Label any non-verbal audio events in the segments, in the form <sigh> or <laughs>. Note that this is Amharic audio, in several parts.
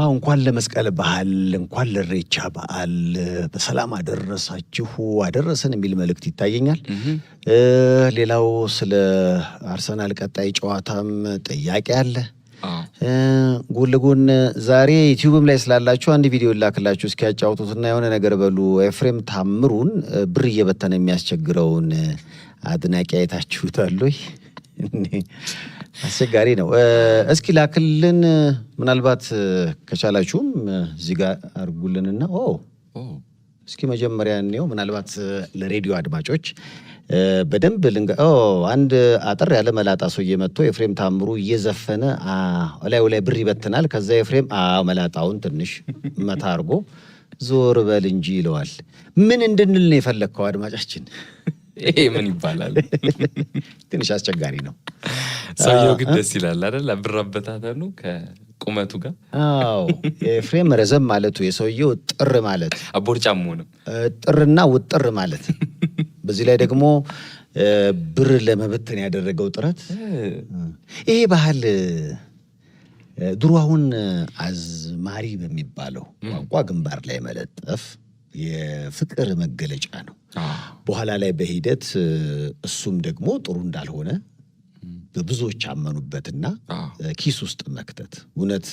አዎ እንኳን ለመስቀል በዓል እንኳን ለሬቻ በዓል በሰላም አደረሳችሁ አደረሰን የሚል መልእክት ይታየኛል። ሌላው ስለ አርሰናል ቀጣይ ጨዋታም ጥያቄ አለ። ጎን ለጎን ዛሬ ዩቲዩብም ላይ ስላላችሁ አንድ ቪዲዮ ላክላችሁ እስኪያጫውቱትና የሆነ ነገር በሉ። ኤፍሬም ታምሩን ብር እየበተነ የሚያስቸግረውን አድናቂ አይታችሁታል ወይ? አስቸጋሪ ነው። እስኪ ላክልን፣ ምናልባት ከቻላችሁም እዚህ ጋር አድርጉልንና እስኪ መጀመሪያ እኔው ምናልባት ለሬዲዮ አድማጮች በደንብ ልንገ አንድ አጠር ያለ መላጣ ሰውዬ መጥቶ ኤፍሬም ታምሩ እየዘፈነ ላዩ ላይ ብር ይበትናል። ከዛ ኤፍሬም መላጣውን ትንሽ መታ አርጎ ዞር በል እንጂ ይለዋል። ምን እንድንል ነው የፈለግከው አድማጫችን? ይሄ ምን ይባላል? ትንሽ አስቸጋሪ ነው። ሰውየው ግን ደስ ይላል አይደል? ብር አበታተኑ ከቁመቱ ጋር አዎ፣ የፍሬም ረዘም ማለቱ የሰውየው ጥር ማለት አቦርጫ መሆንም ጥርና ውጥር ማለት <laughs> በዚህ ላይ ደግሞ ብር ለመበተን ያደረገው ጥረት ይሄ ባህል ድሮ አሁን አዝማሪ በሚባለው ቋንቋ ግንባር ላይ መለጠፍ የፍቅር መገለጫ ነው። በኋላ ላይ በሂደት እሱም ደግሞ ጥሩ እንዳልሆነ ብዙዎች አመኑበትና ኪስ ውስጥ መክተት እውነት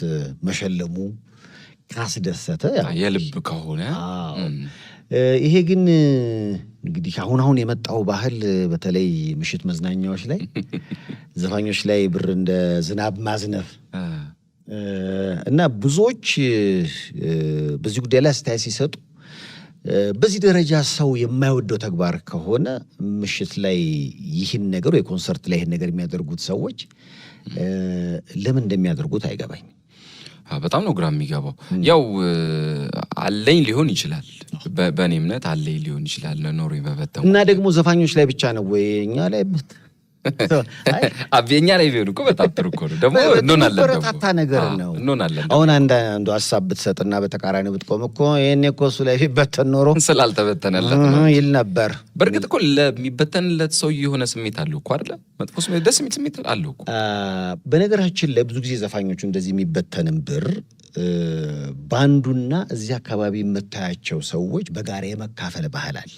መሸለሙ ካስደሰተ የልብ ከሆነ ይሄ ግን እንግዲህ አሁን አሁን የመጣው ባህል በተለይ ምሽት መዝናኛዎች ላይ <laughs> ዘፋኞች ላይ ብር እንደ ዝናብ ማዝነፍ እና ብዙዎች በዚህ ጉዳይ ላይ አስተያየት ሲሰጡ በዚህ ደረጃ ሰው የማይወደው ተግባር ከሆነ ምሽት ላይ ይህን ነገር ወይ ኮንሰርት ላይ ይህን ነገር የሚያደርጉት ሰዎች ለምን እንደሚያደርጉት አይገባኝ። በጣም ነው ግራ የሚገባው። ያው አለኝ ሊሆን ይችላል፣ በእኔ እምነት አለኝ ሊሆን ይችላል። ኖሮ በበተ እና ደግሞ ዘፋኞች ላይ ብቻ ነው ወይ እኛ ላይ <laughs> አቤኛ <laughs> ላይ ቢሆን እኮ በጣም ጥሩ እኮ ነው። ደግሞ እንሆናለን በረታታ ነገር ነው እንሆናለን። አሁን አንዱ ሀሳብ ብትሰጥና በተቃራኒው ብትቆም እኮ ይህኔ እኮ እሱ ላይ ቢበተን ኖሮ <laughs> ስላልተበተነለት ይል ነበር። በእርግጥ እኮ ለሚበተንለት ሰው የሆነ ስሜት አለው እኮ አይደለ? መጥፎ ስሜት፣ ደስ የሚል ስሜት አለው እኮ። በነገራችን ላይ ብዙ ጊዜ ዘፋኞቹ እንደዚህ የሚበተንም ብር ባንዱና እዚህ አካባቢ የምታያቸው ሰዎች በጋራ የመካፈል ባህል አለ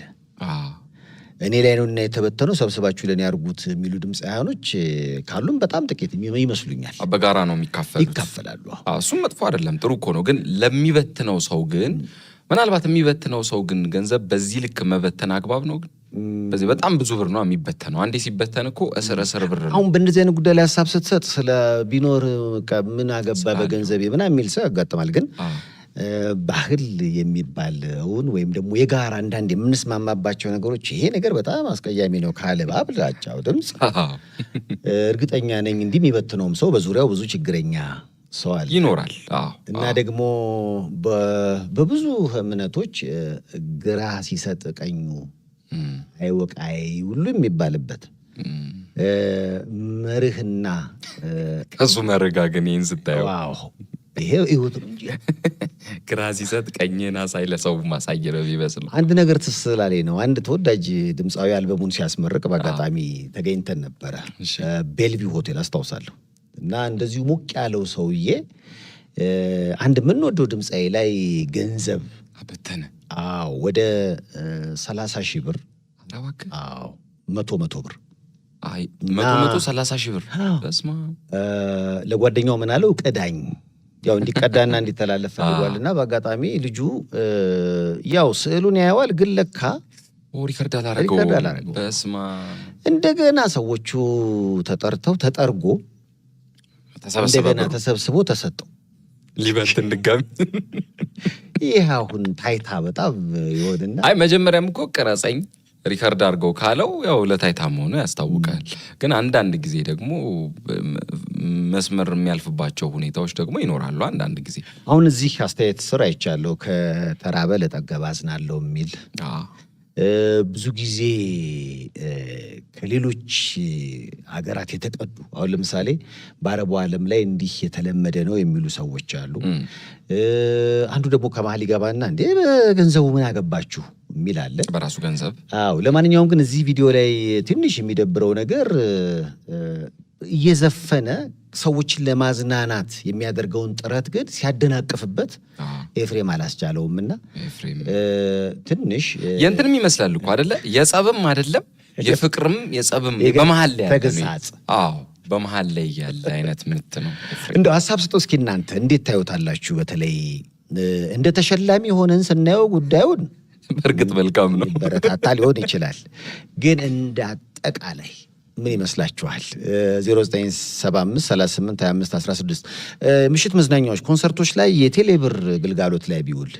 እኔ ላይ ነው እና የተበተነው ሰብስባችሁ ለእኔ ያርጉት የሚሉ ድምፃውያኖች ካሉም በጣም ጥቂት ይመስሉኛል። በጋራ ነው የሚካፈሉ ይካፈላሉ። እሱም መጥፎ አይደለም፣ ጥሩ እኮ ነው። ግን ለሚበትነው ሰው ግን ምናልባት የሚበትነው ሰው ግን ገንዘብ በዚህ ልክ መበተን አግባብ ነው ግን በዚህ በጣም ብዙ ብር ነው የሚበተነው። አንዴ ሲበተን እኮ እስር እስር ብር ነው። አሁን በእንደዚህ አይነት ጉዳይ ላይ ሀሳብ ስትሰጥ ስለ ቢኖር ምን አገባ በገንዘቤ ምናምን የሚል ሰው ያጋጥማል ግን ባህል የሚባለውን ወይም ደግሞ የጋራ አንዳንድ የምንስማማባቸው ነገሮች ይሄ ነገር በጣም አስቀያሚ ነው ካለ በአብላጫው ድምፅ እርግጠኛ ነኝ እንዲህ የሚበትነውም ሰው በዙሪያው ብዙ ችግረኛ ሰው አለ ይኖራል። እና ደግሞ በብዙ እምነቶች ግራ ሲሰጥ ቀኙ አይወቃይ ሁሉ የሚባልበት መርህና ከሱ መርህ ጋር ግን ይህን ስታየው ይሄ ይሁት እንጂ ግራ ሲሰጥ ቀኝህን አሳይ ለሰው ማሳየ ነው የሚመስል አንድ ነገር ትስላሌ ነው። አንድ ተወዳጅ ድምፃዊ አልበሙን ሲያስመርቅ በአጋጣሚ ተገኝተን ነበረ ቤልቪ ሆቴል አስታውሳለሁ። እና እንደዚሁ ሞቅ ያለው ሰውዬ አንድ የምንወደው ድምፃዊ ላይ ገንዘብ አበተነ። አዎ ወደ ሰላሳ ሺህ ብር አዎ መቶ መቶ ብር መቶ መቶ ሰላሳ ሺህ ብር ለጓደኛው ምን አለው ቅዳኝ ያው እንዲቀዳና እንዲተላለፍ ፈልጓል እና በአጋጣሚ ልጁ ያው ስዕሉን ያየዋል፣ ግን ለካ ሪከርድ አላረገው። እንደገና ሰዎቹ ተጠርተው ተጠርጎ እንደገና ተሰብስቦ ተሰጠው። ሊበልትን ድጋሚ ይህ አሁን ታይታ በጣም ይሆንና አይ መጀመሪያም እኮ ቀረጸኝ ሪከርድ አድርገው ካለው ያው ለታይታ መሆኑ ያስታውቃል። ግን አንዳንድ ጊዜ ደግሞ መስመር የሚያልፍባቸው ሁኔታዎች ደግሞ ይኖራሉ። አንዳንድ ጊዜ አሁን እዚህ አስተያየት ስር አይቻለሁ። ከተራበ ለጠገበ አዝናለሁ የሚል ብዙ ጊዜ ከሌሎች ሀገራት የተቀዱ አሁን ለምሳሌ በአረቡ ዓለም ላይ እንዲህ የተለመደ ነው የሚሉ ሰዎች አሉ። አንዱ ደግሞ ከመሀል ይገባና እንዴ በገንዘቡ ምን አገባችሁ የሚል አለ በራሱ ገንዘብ። አዎ ለማንኛውም ግን እዚህ ቪዲዮ ላይ ትንሽ የሚደብረው ነገር እየዘፈነ ሰዎችን ለማዝናናት የሚያደርገውን ጥረት ግን ሲያደናቅፍበት ኤፍሬም አላስቻለውም እና ትንሽ የእንትንም ይመስላል እኮ አደለ የጸብም አደለም የፍቅርም የጸብም በመሀል ላይ ተግሳጽ አዎ በመሀል ላይ ያለ አይነት ምት ነው። እንደ ሀሳብ ስጦ እስኪ እናንተ እንዴት ታዩታላችሁ? በተለይ እንደ ተሸላሚ ሆነን ስናየው ጉዳዩን በእርግጥ መልካም ነው፣ በረታታ ሊሆን ይችላል። ግን እንደ አጠቃላይ ምን ይመስላችኋል? 0975382516 ምሽት መዝናኛዎች፣ ኮንሰርቶች ላይ የቴሌብር ግልጋሎት ላይ ቢውል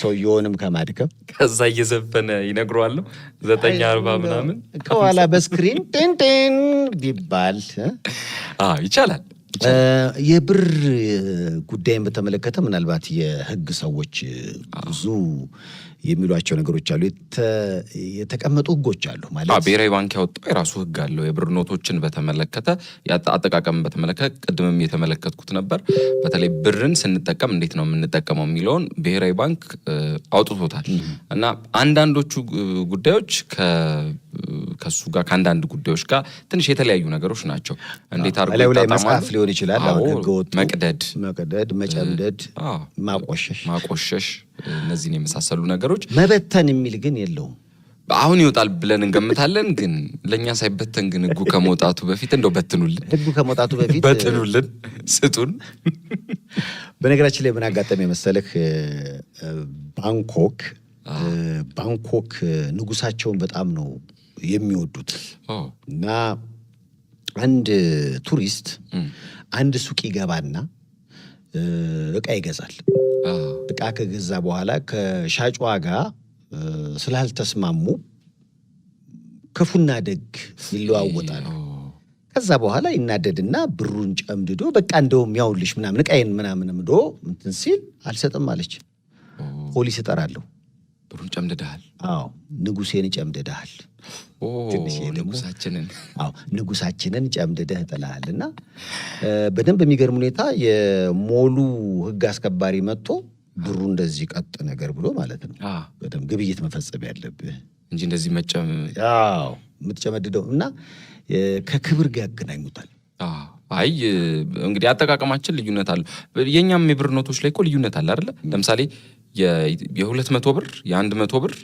ሰውየውንም ከማድከም ከዛ እየዘፈነ ይነግረዋለሁ። ዘጠኝ አርባ ምናምን ከኋላ በስክሪን ቴንቴን ቢባል ይቻላል። የብር ጉዳይን በተመለከተ ምናልባት የህግ ሰዎች ብዙ የሚሏቸው ነገሮች አሉ። የተቀመጡ ህጎች አሉ ማለት ብሔራዊ ባንክ ያወጣው የራሱ ህግ አለው። የብር ኖቶችን በተመለከተ አጠቃቀምን በተመለከተ ቅድምም የተመለከትኩት ነበር። በተለይ ብርን ስንጠቀም እንዴት ነው የምንጠቀመው የሚለውን ብሔራዊ ባንክ አውጥቶታል እና አንዳንዶቹ ጉዳዮች ከሱ ጋር ከአንዳንድ ጉዳዮች ጋር ትንሽ የተለያዩ ነገሮች ናቸው። እንዴት አርጎ ላይ መጽሐፍ ሊሆን ይችላል። መቅደድ፣ መቅደድ፣ መጨምደድ፣ ማቆሸሽ ማቆሸሽ እነዚህን የመሳሰሉ ነገሮች መበተን የሚል ግን የለውም። አሁን ይወጣል ብለን እንገምታለን፣ ግን ለእኛ ሳይበተን ግን ህጉ ከመውጣቱ በፊት እንደው በትኑልን፣ ህጉ ከመውጣቱ በፊት በትኑልን፣ ስጡን። በነገራችን ላይ ምን አጋጠመ መሰለህ ባንኮክ ባንኮክ ንጉሳቸውን በጣም ነው የሚወዱት እና አንድ ቱሪስት አንድ ሱቅ ይገባና እቃ ይገዛል። እቃ ከገዛ በኋላ ከሻጯ ጋር ስላልተስማሙ ክፉና ደግ ይለዋወጣሉ። ከዛ በኋላ ይናደድና ብሩን ጨምድዶ በቃ እንደውም ያውልሽ ምናምን እቃዬን ምናምን ምዶ እንትን ሲል አልሰጥም አለች። ፖሊስ እጠራለሁ ብሩን ጨምድደሃል። አዎ ንጉሴን ጨምድደሃል። ንጉሳችንን አዎ ንጉሳችንን ጨምድደህ ጥላሃል። እና በደንብ የሚገርም ሁኔታ የሞሉ ህግ አስከባሪ መጥቶ ብሩ እንደዚህ ቀጥ ነገር ብሎ ማለት ነው። በደንብ ግብይት መፈጸም ያለብህ እንጂ እንደዚህ መጨም አዎ የምትጨመድደው እና ከክብር ጋር ያገናኙታል። አይ እንግዲህ አጠቃቀማችን ልዩነት አለው። የእኛም የብር ኖቶች ላይ እኮ ልዩነት አለ አይደለ? ለምሳሌ የሁለት መቶ ብር የአንድ መቶ ብር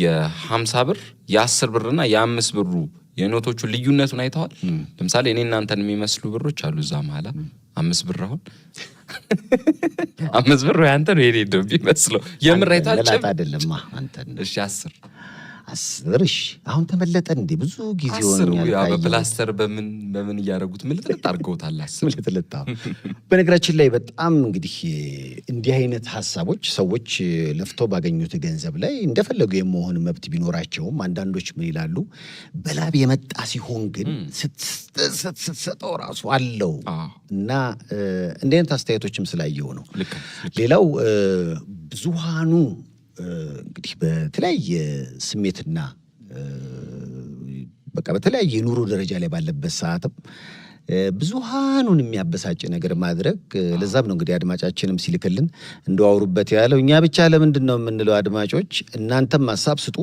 የሀምሳ ብር የአስር ብርና የአምስት ብሩ የኖቶቹ ልዩነቱን አይተዋል። ለምሳሌ እኔ እናንተን የሚመስሉ ብሮች አሉ እዛ መሀላ አምስት ብር አሁን አምስት ብር ወይ አንተ ነው የኔ ነው የሚመስለው። የምር አይተዋል። አይደለም አንተ እሺ አስር አስር እሺ፣ አሁን ተመለጠ እንዴ? ብዙ ጊዜ በፕላስተር በምን በምን እያደረጉት ምልጥልጥ አድርገውታል። አስር ምልጥልጥ። በነገራችን ላይ በጣም እንግዲህ እንዲህ አይነት ሀሳቦች ሰዎች ለፍተው ባገኙት ገንዘብ ላይ እንደፈለጉ የመሆን መብት ቢኖራቸውም አንዳንዶች ምን ይላሉ፣ በላብ የመጣ ሲሆን ግን ስትሰጠው ራሱ አለው እና እንዲህ አይነት አስተያየቶችም ስላየው ነው። ሌላው ብዙሃኑ እንግዲህ በተለያየ ስሜትና በቃ በተለያየ የኑሮ ደረጃ ላይ ባለበት ሰዓትም ብዙሃኑን የሚያበሳጭ ነገር ማድረግ። ለዛም ነው እንግዲህ አድማጫችንም ሲልክልን እንደዋውሩበት ያለው እኛ ብቻ ለምንድን ነው የምንለው? አድማጮች እናንተም ሀሳብ ስጡ፣